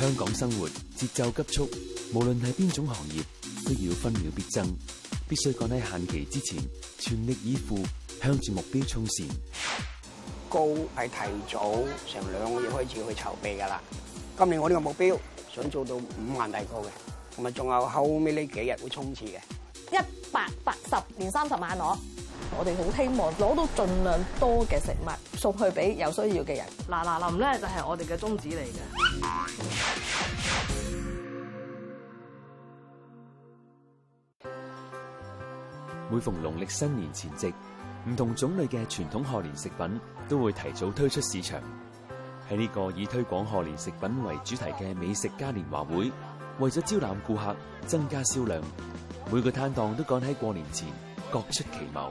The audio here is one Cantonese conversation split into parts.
香港生活節奏急速，無論係邊種行業，都要分秒必爭，必須趕喺限期之前，全力以赴向住目標衝線。高係提早成兩個月開始去籌備噶啦，今年我呢個目標想做到五萬大高嘅，同埋仲有後尾呢幾日會衝刺嘅一百八十年三十萬攞。我哋好希望攞到盡量多嘅食物送去俾有需要嘅人。嗱嗱臨咧就係我哋嘅宗旨嚟嘅。每逢農曆新年前夕，唔同種類嘅傳統賀年食品都會提早推出市場。喺呢個以推廣賀年食品為主題嘅美食嘉年華會，為咗招攬顧客、增加銷量，每個攤檔都趕喺過年前各出奇謀。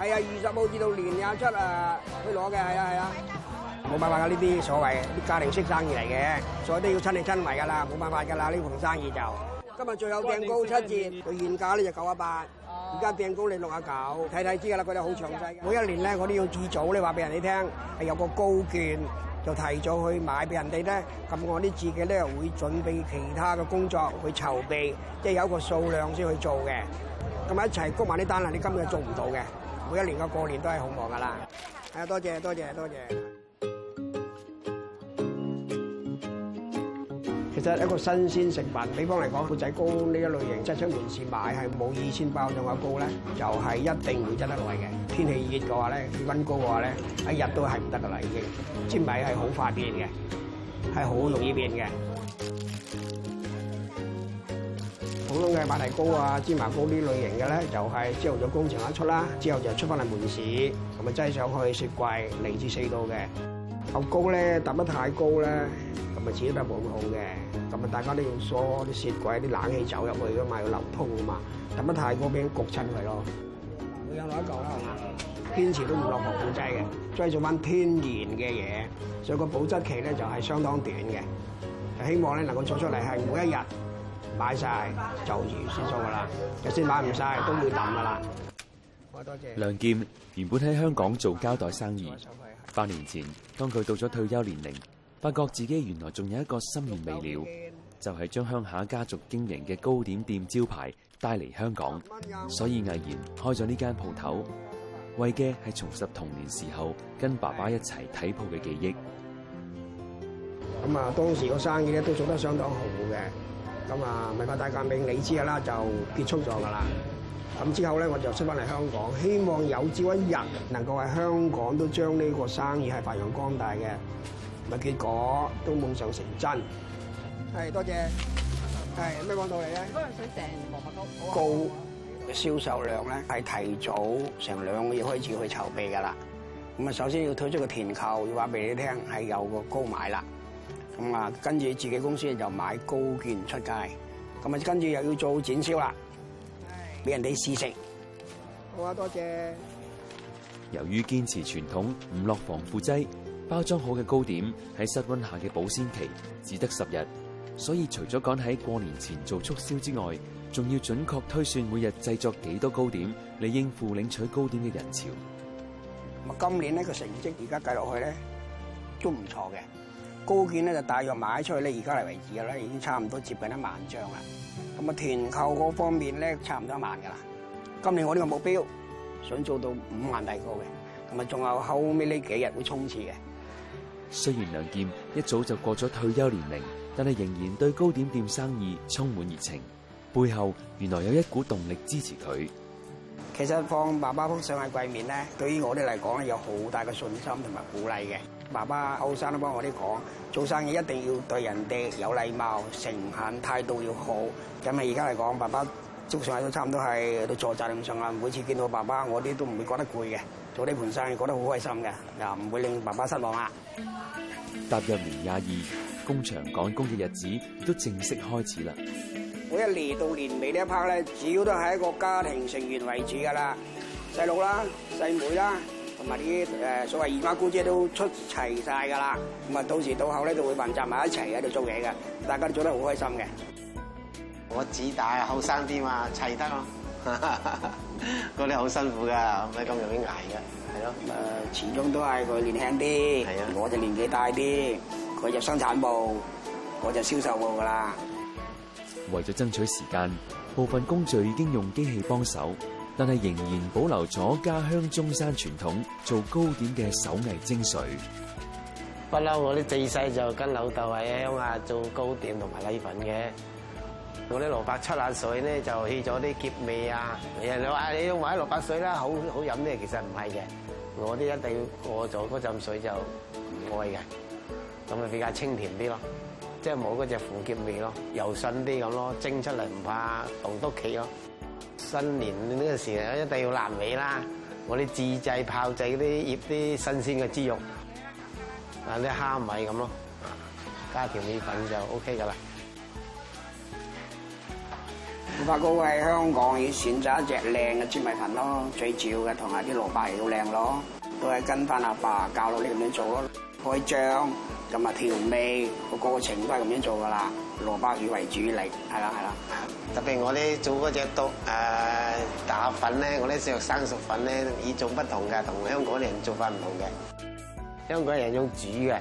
係啊，二十號至到年廿七啊，佢攞嘅係啊係啊，冇辦法㗎呢啲所謂啲家庭式生意嚟嘅，所以都要親力親為㗎啦，冇辦法㗎啦呢盤生意就。今日最後訂糕七折，佢原價咧就九啊八，而家訂糕你六啊九，睇睇知㗎啦，嗰啲好詳細。每一年咧，我都要早啲話俾人哋聽，係有個糕券，就提早去買俾人哋咧。咁我哋自己咧會準備其他嘅工作去籌備，即係有一個數量先去做嘅。咁一齊谷埋啲單啦，你根本就做唔到嘅。每一年嘅過年都係好忙噶啦，係啊，多謝多謝多謝。其實一個新鮮食品，比方嚟講，缽仔糕呢一類型，出出門市買係冇二千包仲夠糕咧，就係一定會質得耐嘅。天氣熱嘅話咧，氣温高嘅話咧，一日都係唔得噶啦已經。粘米係好快變嘅，係好容易變嘅。咁嘅馬蹄糕啊、芝麻糕呢類型嘅咧，就係之後咗工程一出啦，之後就出翻嚟門市，同埋擠上去雪櫃零至四度嘅。夠高咧，揼得太高咧，咁啊自己都冇咁好嘅。咁啊，大家都用梳啲雪櫃啲冷氣走入去㗎嘛，要流通㗎嘛。揼得太高，俾人焗親佢咯。嗱，我有攞一嚿啦，係嘛？堅持都唔落防腐劑嘅，再做翻天然嘅嘢，所以個保質期咧就係相當短嘅。就希望咧能夠做出嚟係每一日。買晒，就完先做噶啦，就算買唔晒，都冇抌噶啦。多謝。梁儉原本喺香港做膠袋生意，八年前當佢到咗退休年齡，發覺自己原來仲有一個心願未了，就係將鄉下家族經營嘅糕點店招牌帶嚟香港，所以毅然開咗呢間鋪頭，為嘅係重拾童年時候跟爸爸一齊睇鋪嘅記憶。咁啊，當時個生意咧都做得相當好嘅。咁啊，文化大革命，你知噶啦，就結束咗噶啦。咁之後咧，我就出翻嚟香港，希望有朝一日能夠喺香港都將呢個生意係發揚光大嘅，咪結果都夢想成真。係多謝，係咩講道理咧？嗰樣水成冇乜高高嘅銷售量咧，係提早成兩個月開始去籌備噶啦。咁啊，首先要推出個團購，要話俾你聽係有個高買啦。啊，跟住自己公司就買糕券出街，咁啊跟住又要做展銷啦，俾是人哋試食。好啊，多謝。由於堅持傳統唔落防腐劑，包裝好嘅糕點喺室温下嘅保鮮期只得十日，所以除咗趕喺過年前做促銷之外，仲要準確推算每日製作幾多糕點嚟應付領取糕點嘅人潮。啊，今年呢個成績而家計落去咧，都唔錯嘅。高件咧就大約買出去咧，而家嚟為止咧已經差唔多接近一萬張啦。咁啊，團購嗰方面咧差唔多一萬噶啦。今年我呢個目標想做到五萬大個嘅，同埋仲有後尾呢幾日會沖刺嘅。雖然梁儉一早就過咗退休年齡，但係仍然對糕點店生意充滿熱情。背後原來有一股動力支持佢。其實放爸爸幅相喺櫃面咧，對於我哋嚟講咧有好大嘅信心同埋鼓勵嘅。爸爸、後生都幫我啲講，做生意一定要對人哋有禮貌，誠懇態度要好。咁啊，而家嚟講，爸爸早上喺度差唔多係喺度坐責任上啊，每次見到爸爸，我啲都唔會覺得攰嘅，做呢盤生意覺得好開心嘅，又唔會令爸爸失望啊！踏入年廿二，工場趕工嘅日子亦都正式開始啦。每一年到年尾呢一 part 咧，主要都係一個家庭成員為主噶啦，細佬啦、細妹啦。同埋啲誒所謂姨媽姑姐都出齊曬㗎啦，咁啊到時到後咧就會混集埋一齊喺度做嘢嘅，大家都做得好開心嘅。我只大後生啲嘛，齊得咯。嗰啲好辛苦㗎，唔係咁容易捱㗎，係咯。誒，始終都係佢年輕啲，我就年紀大啲。佢就生產部，我就銷售部㗎啦。為咗爭取時間，部分工序已經用機器幫手。但係仍然保留咗家鄉中山傳統做糕點嘅手藝精髓。不嬲，我啲最細就跟老豆喺鄉下做糕點同埋米粉嘅。我啲蘿蔔出爛水咧，就起咗啲澀味啊！人哋話你要買啲蘿蔔水啦，好好飲咧，其實唔係嘅。我啲一定要過咗嗰浸水就唔愛嘅，咁啊比較清甜啲咯，即係冇嗰隻苦澀味咯，柔順啲咁咯，蒸出嚟唔怕凍多企咯。新年呢個時候，一定要臘味啦！我啲自製炮製嗰啲醃啲新鮮嘅豬肉，啊啲蝦米咁咯，加條米粉就 OK 噶啦。發覺喺香港要選擇一隻靚嘅豬米粉咯，最主要嘅同埋啲蘿蔔亦都靚咯，都係跟翻阿爸教到你咁樣做咯，開張。咁啊，調味個過程都係咁樣做㗎啦。蘿蔔魚為主力，係啦係啦。特別我啲做嗰隻都誒打粉咧，我啲石生熟粉咧，與眾不同㗎，同香港人做法唔同嘅。香港人用煮嘅，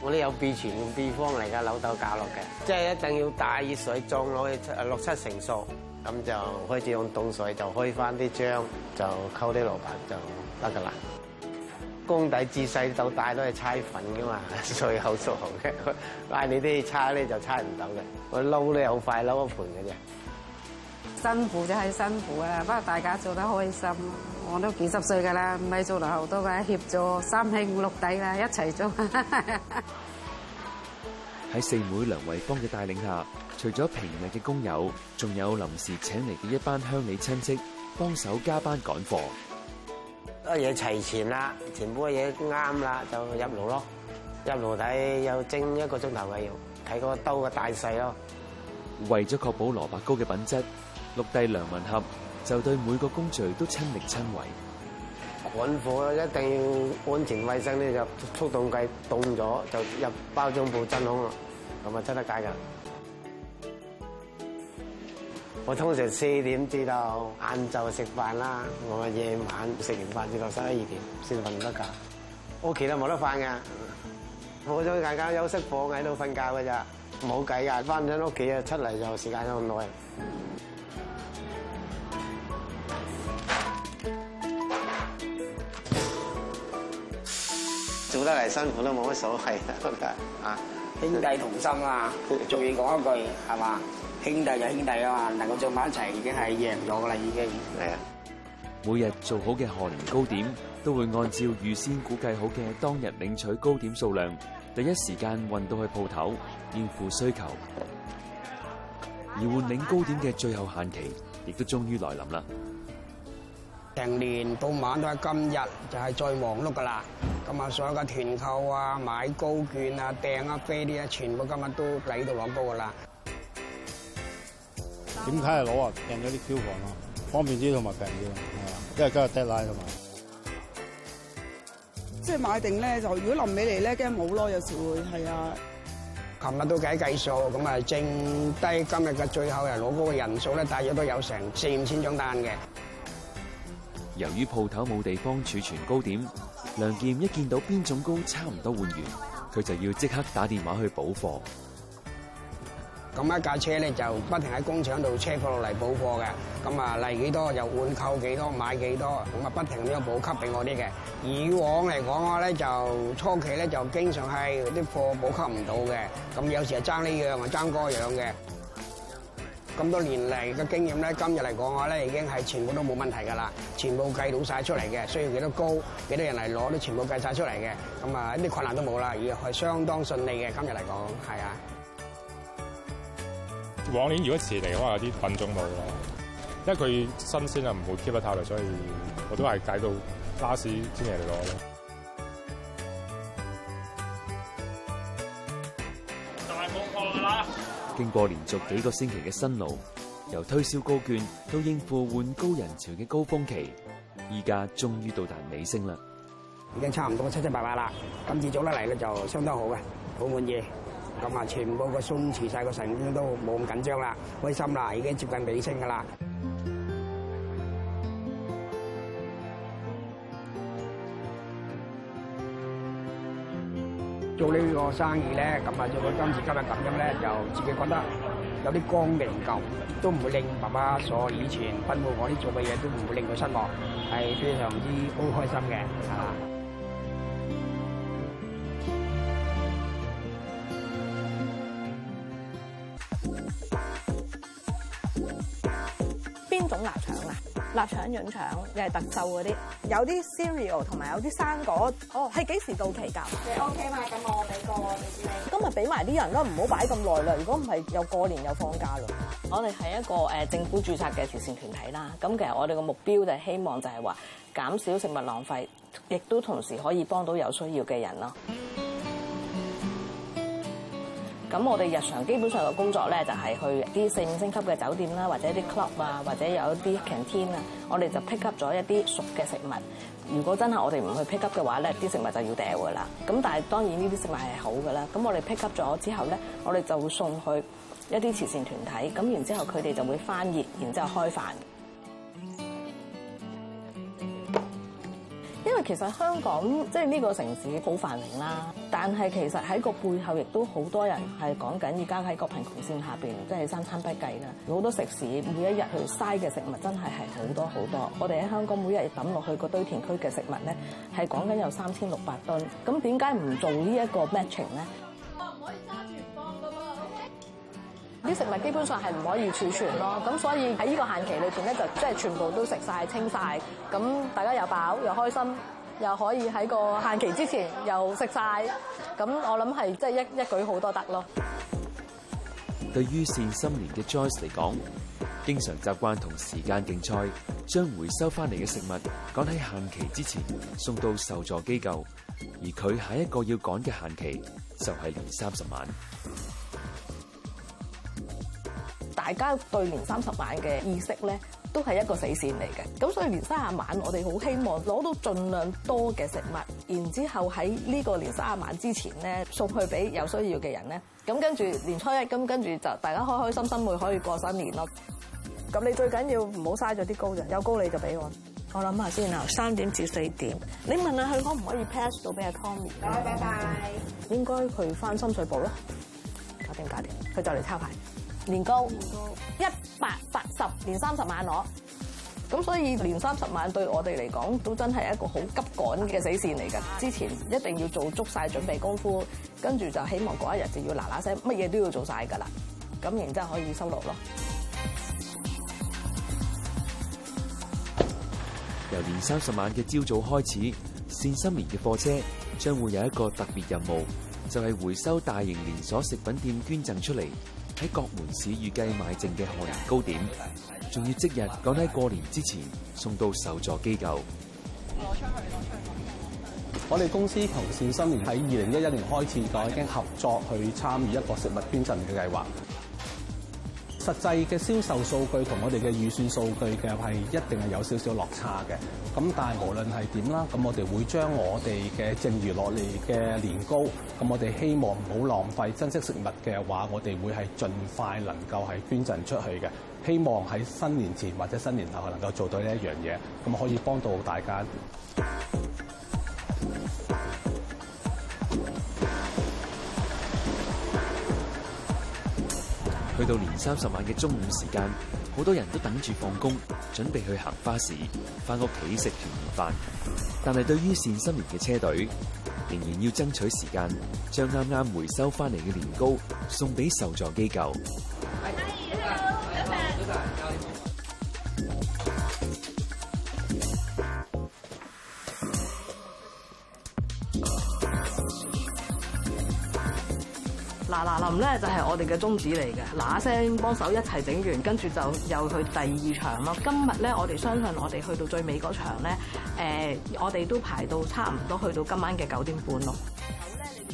我哋有秘傳嘅秘方嚟㗎，老豆教落嘅。即係一定要打熱水，撞落去六七成熟，咁就開始用凍水就開返啲漿，就溝啲蘿蔔就得㗎啦。公底自細到大都係猜粉噶嘛，最以好嘅。但係你啲猜咧就猜唔到嘅，我撈咧好快撈一盤嘅啫。辛苦就係辛苦啦，不過大家做得開心，我都幾十歲㗎啦，唔係做唔好多㗎，協助三兄五六弟啦，一齊做。喺四妹梁惠芳嘅帶領下，除咗平日嘅工友，仲有臨時請嚟嘅一班鄉里親戚幫手加班趕貨。啲嘢齊全啦，全部嘅嘢啱啦，就入爐咯。入爐底又蒸一個鐘頭嘅，要睇個兜嘅大細咯。為咗確保蘿蔔糕嘅品質，六弟梁文俠就對每個工序都親力親為。滾火啊，一定要安全衞生咧，就速凍櫃凍咗就入包裝部真空啦，咁啊真得解㗎。我通常四點至到晏晝食飯啦，我夜晚食完飯至到十一二點先瞓得覺。屋企都冇得瞓噶，我想大家休息放喺度瞓覺噶咋，冇計噶，翻咗屋企啊，出嚟就時間又耐。覺得嚟辛苦都冇乜所謂，啊！兄弟同心啊，仲要講一句，係嘛？兄弟就兄弟啊嘛，能夠做埋一齊已經係贏咗啦，已經。係啊，每日做好嘅賀年糕點，都會按照預先估計好嘅當日領取糕點數量，第一時間運到去鋪頭應付需求。而換領糕點嘅最後限期，亦都終於來臨啦。成年到晚都係今日就係最忙碌噶啦，咁啊所有嘅團購啊、買糕券啊、訂啊飛啲啊，全部今日都嚟到攞糕噶啦。點解要攞啊？訂咗啲 coupon 咯，方便啲同埋平啲，係啊，因為今日 deadline 吖嘛，即係買定咧就如果臨尾嚟咧，驚冇咯，有時會係啊。琴日都計計數，咁啊剩低今日嘅最後係攞糕嘅人數咧，大約都有成四五千張單嘅。由於鋪頭冇地方儲存糕點，梁儉一見到邊種糕差唔多換完，佢就要即刻打電話去補貨。咁一架車咧就不停喺工廠度車貨落嚟補貨嘅。咁啊，嚟幾多就換購幾多，買幾多，咁啊不停咁樣補給俾我啲嘅。以往嚟講嘅咧，就初期咧就經常係啲貨補給唔到嘅，咁有時係爭呢樣啊爭嗰樣嘅。咁多年嚟嘅經驗咧，今日嚟講話咧，已經係全部都冇問題噶啦，全部計到晒出嚟嘅，需要幾多高，幾多人嚟攞都全部計晒出嚟嘅，咁啊一啲困難都冇啦，而係相當順利嘅今日嚟講，係啊。往年如果遲嚟嘅話，可能有啲品種冇啊，因為佢新鮮啊，唔會 keep 得太耐，所以我都係計到 last 先嚟攞咯。經過連續幾個星期嘅辛勞，由推銷糕券到應付換糕人潮嘅高峰期，依家終於到達尾聲啦！已經差唔多七七八八啦，今次做得嚟嘅就相當好嘅，好滿意。咁啊，全部個鬆弛晒個神經都冇咁緊張啦，開心啦，已經接近尾聲噶啦。做呢個生意咧，咁啊，做到今時今日咁樣咧，又自己覺得有啲光明夠，都唔會令爸爸所以前吩咐我啲做嘅嘢都唔會令佢失望，係非常之好開心嘅，係嘛？邊種臘腸啊？臘腸潤腸，又係特瘦嗰啲？有啲 cereal 同埋有啲生果。哦，係幾時到期㗎？你 OK 嗎？俾埋啲人啦，唔好擺咁耐啦。如果唔係，又過年又放假啦。我哋係一個誒政府註冊嘅慈善團體啦。咁其實我哋嘅目標就係希望就係話減少食物浪費，亦都同時可以幫到有需要嘅人咯。咁我哋日常基本上嘅工作咧，就係去啲四五星級嘅酒店啦，或者啲 club 啊，或者有一啲 canteen 啊，我哋就 pick up 咗一啲熟嘅食物。如果真係我哋唔去 pick up 嘅話咧，啲食物就要掉噶啦。咁但係當然呢啲食物係好噶啦。咁我哋 pick up 咗之後咧，我哋就會送去一啲慈善團體。咁然之後佢哋就會翻熱，然之後開飯。因為其實香港即係呢個城市好繁榮啦，但係其實喺個背後亦都好多人係講緊，而家喺個貧窮線下邊，即係三餐不繼啦。好多食肆每一日去嘥嘅食物真係係好多好多。我哋喺香港每一日抌落去個堆填區嘅食物咧，係講緊有三千六百噸。咁點解唔做呢一個 matching 咧？哦啲食物基本上係唔可以儲存咯，咁所以喺呢個限期裏邊咧，就即、是、係全部都食晒、清晒。咁大家又飽又開心，又可以喺個限期之前又食晒。咁我諗係即係一一舉好多得咯。對於膳心連嘅 Joyce 嚟講，經常習慣同時間競賽，將回收翻嚟嘅食物趕喺限期之前送到受助機構，而佢下一個要趕嘅限期就係、是、年三十晚。大家對年三十晚嘅意識咧，都係一個死線嚟嘅。咁所以年卅晚，我哋好希望攞到盡量多嘅食物，然之後喺呢個年卅晚之前咧，送去俾有需要嘅人咧。咁跟住年初一，咁跟住就大家開開心心會可以過新年咯。咁你最緊要唔好嘥咗啲糕嘅，有糕你就俾我。我諗下先啊，三點至四點。你問下佢可唔可以 pass 到俾阿 Tommy？拜拜拜拜。拜拜應該佢翻深水埗咯。搞掂搞掂，佢就嚟抄牌。年糕一百八十，180, 年三十萬攞，咁所以年三十萬對我哋嚟講都真係一個好急趕嘅死線嚟㗎。之前一定要做足晒準備功夫，跟住就希望嗰一日就要嗱嗱聲，乜嘢都要做晒㗎啦。咁然之後可以收落咯。由年三十晚嘅朝早開始，善心連嘅貨車將會有一個特別任務，就係、是、回收大型連鎖食品店捐贈出嚟。喺各門市預計買剩嘅賀年糕點，仲要即日趕喺過年之前送到受助機構。攞出去，攞出去。我哋公司同善心喺二零一一年開始就已經合作去參與一個食物捐贈嘅計劃。實際嘅銷售數據同我哋嘅預算數據嘅係一定係有少少落差嘅，咁但係無論係點啦，咁我哋會將我哋嘅剩餘落嚟嘅年糕，咁我哋希望唔好浪費，珍惜食物嘅話，我哋會係盡快能夠係捐贈出去嘅，希望喺新年前或者新年後能夠做到呢一樣嘢，咁可以幫到大家。去到年三十晚嘅中午時間，好多人都等住放工，準備去行花市，翻屋企食團圓飯。但係對於善心人嘅車隊，仍然要爭取時間，將啱啱回收翻嚟嘅年糕送俾受助機構。哎咧就係我哋嘅宗旨嚟嘅，嗱，聲幫手一齊整完，跟住就又去第二場咯。今日咧，我哋相信我哋去到最尾嗰場咧，呃，我哋都排到差唔多去到今晚嘅九點半咯。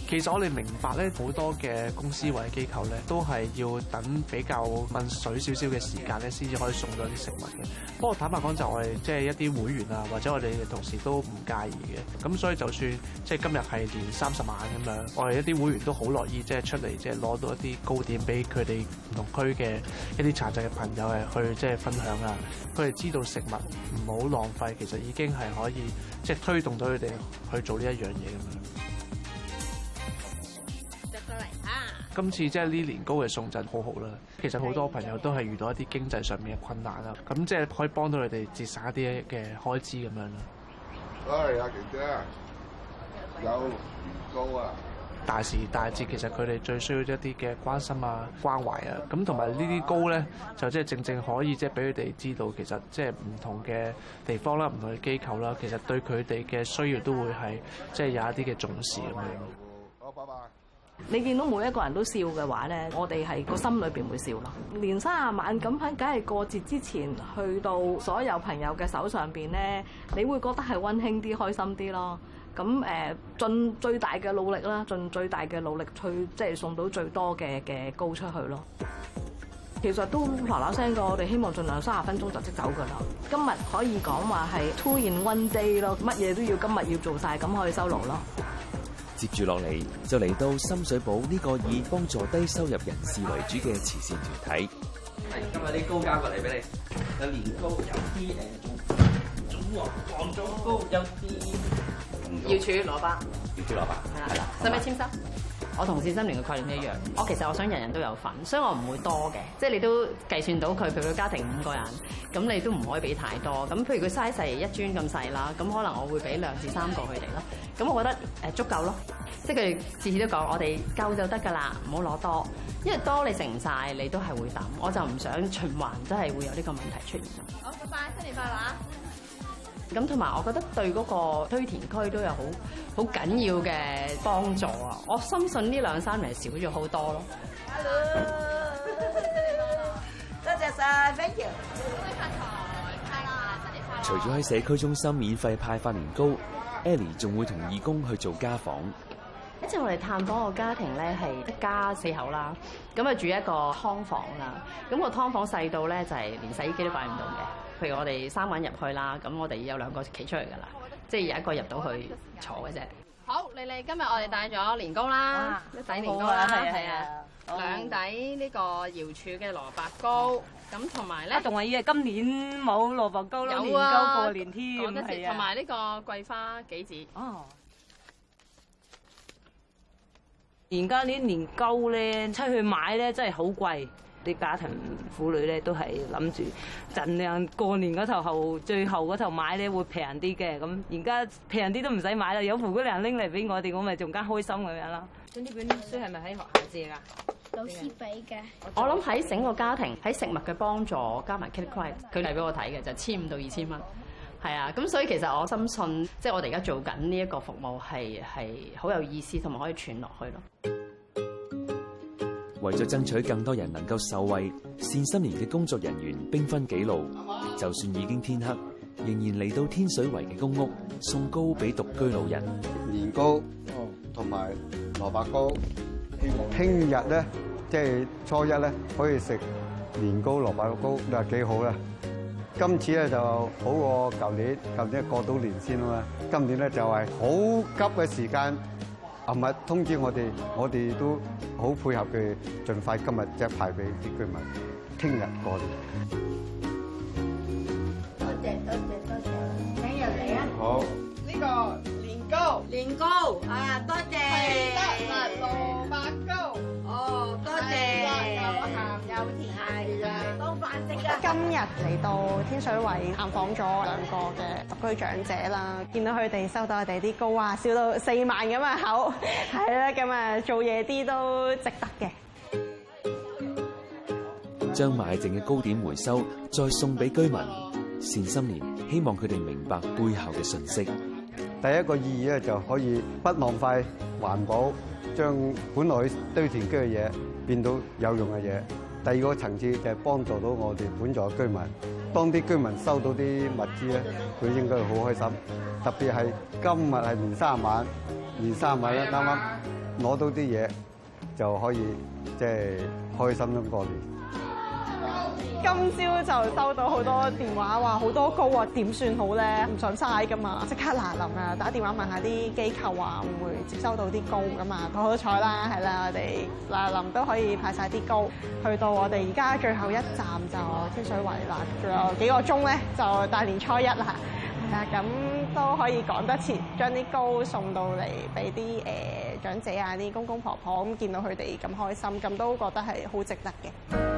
其實我哋明白咧，好多嘅公司或者機構咧，都係要等比較問水少少嘅時間咧，先至可以送到啲食物嘅。不過坦白講，就我哋即係一啲會員啊，或者我哋嘅同事都唔介意嘅。咁所以就算即係今日係連三十萬咁樣，我哋一啲會員都好樂意即係出嚟即係攞到一啲糕點俾佢哋唔同區嘅一啲殘疾嘅朋友去即係分享啊！佢哋知道食物唔好浪費，其實已經係可以即係推動到佢哋去做呢一樣嘢咁樣。今次即係呢年糕嘅送贈好好啦，其實好多朋友都係遇到一啲經濟上面嘅困難啦，咁即係可以幫到佢哋節省一啲嘅開支咁樣咯。係啊，姐姐有年糕啊！大時大節，其實佢哋最需要一啲嘅關心啊、關懷啊，咁同埋呢啲糕咧，就即係正正可以即係俾佢哋知道，其實即係唔同嘅地方啦、唔同嘅機構啦，其實對佢哋嘅需要都會係即係有一啲嘅重視咁樣。好，拜拜。你見到每一個人都笑嘅話咧，我哋係個心裏邊會笑咯。年卅晚咁喺，梗係過節之前去到所有朋友嘅手上邊咧，你會覺得係温馨啲、開心啲咯。咁誒盡最大嘅努力啦，盡最大嘅努力，努力去即係送到最多嘅嘅糕出去咯。其實都嗱嗱聲過，我哋希望盡量三十分鐘就即走噶啦。今日可以講話係 Two in One Day 咯，乜嘢都要今日要做晒，咁可以收爐咯。接住落嚟就嚟到深水埗呢個以幫助低收入人士為主嘅慈善團體。係今日啲糕交過嚟俾你，有年糕，有啲誒粽，粽黃粽糕，有啲瑤柱蘿蔔，中中瑤柱蘿蔔係啦，使唔使簽收？我同善心聯嘅概念一樣，我其實我想人人都有份，所以我唔會多嘅，即係你都計算到佢譬如佢家庭五個人，咁你都唔可以俾太多。咁譬如佢嘥細一磚咁細啦，咁可能我會俾兩至三個佢哋咯。咁我覺得誒足夠咯，即係佢哋次次都講我哋夠就得㗎啦，唔好攞多，因為多你食唔晒，你都係會抌。我就唔想循環真係會有呢個問題出現。好，拜拜，新年快樂啊！咁同埋，我覺得對嗰個堆填區都有好好緊要嘅幫助啊！我深信呢兩三年少咗好多咯。Hello，多謝晒。thank you。除咗喺社區中心免費派發年糕，Ellie 仲會同義工去做家訪。一日我哋探訪個家庭咧，係一家四口啦，咁啊住一個劏房啦，咁個劏房細到咧就係連洗衣機都擺唔到嘅。譬如我哋三個人入去啦，咁我哋有兩個企出嚟噶啦，即係有一個入到去坐嘅啫。好，莉莉，今日我哋帶咗年糕啦，一底年糕啦，係啊，兩底呢個瑤柱嘅蘿蔔糕，咁同埋咧，仲以為今年冇蘿蔔糕啦，年，年糕過年添，同埋呢個桂花杞子。哦，而家呢年糕咧，出去買咧真係好貴。啲家庭婦女咧都係諗住盡量過年嗰頭後，最後嗰頭買咧會平啲嘅。咁而家平啲都唔使買啦，有胡姑娘拎嚟俾我哋，我咪仲加開心咁樣啦。咁呢本書係咪喺學校借㗎？老師俾嘅。我諗喺整個家庭喺食物嘅幫助加埋 credit，佢嚟俾我睇嘅就千五到二千蚊。係啊，咁所以其實我深信，即係我哋而家做緊呢一個服務係係好有意思，同埋可以傳落去咯。為咗爭取更多人能夠受惠，善心聯嘅工作人員兵分幾路，就算已經天黑，仍然嚟到天水圍嘅公屋送糕俾獨居老人。年糕，哦，同埋蘿蔔糕，希望聽日咧，即係初一咧，可以食年糕、蘿蔔糕，咁啊幾好啦。今次咧就好過舊年，舊年過到年先啊嘛，今年咧就係好急嘅時間。琴日通知我哋，我哋都好配合佢，盡快今日即係派俾啲居民，聽日過嚟。今日嚟到天水圍探訪咗兩個嘅獨居長者啦，見到佢哋收到我哋啲糕啊，笑到四萬咁啊口，係啦，咁啊做嘢啲都值得嘅。將賣剩嘅糕點回收，再送俾居民，善心連希望佢哋明白背後嘅信息。第一個意義咧，就是可以不浪費、環保，將本來堆填區嘅嘢變到有用嘅嘢。第二個層次就係幫助到我哋本座嘅居民，當啲居民收到啲物資咧，佢應該好開心。特別係今日係年卅晚，年卅晚咧，啱啱攞到啲嘢，就可以即係、就是、開心咁過年。今朝就收到好多電話，話好多糕啊，點算好咧？唔想嘥噶嘛，即刻嗱臨啊，打電話問下啲機構啊，會接收到啲糕噶嘛？好好彩啦，係啦，我哋嗱臨都可以派晒啲糕。去到我哋而家最後一站就天水圍啦，仲有幾個鐘咧，就大年初一啦。 啊，咁都可以趕得切，將啲糕送到嚟俾啲誒長者啊，啲公公婆婆咁，見到佢哋咁開心，咁都覺得係好值得嘅。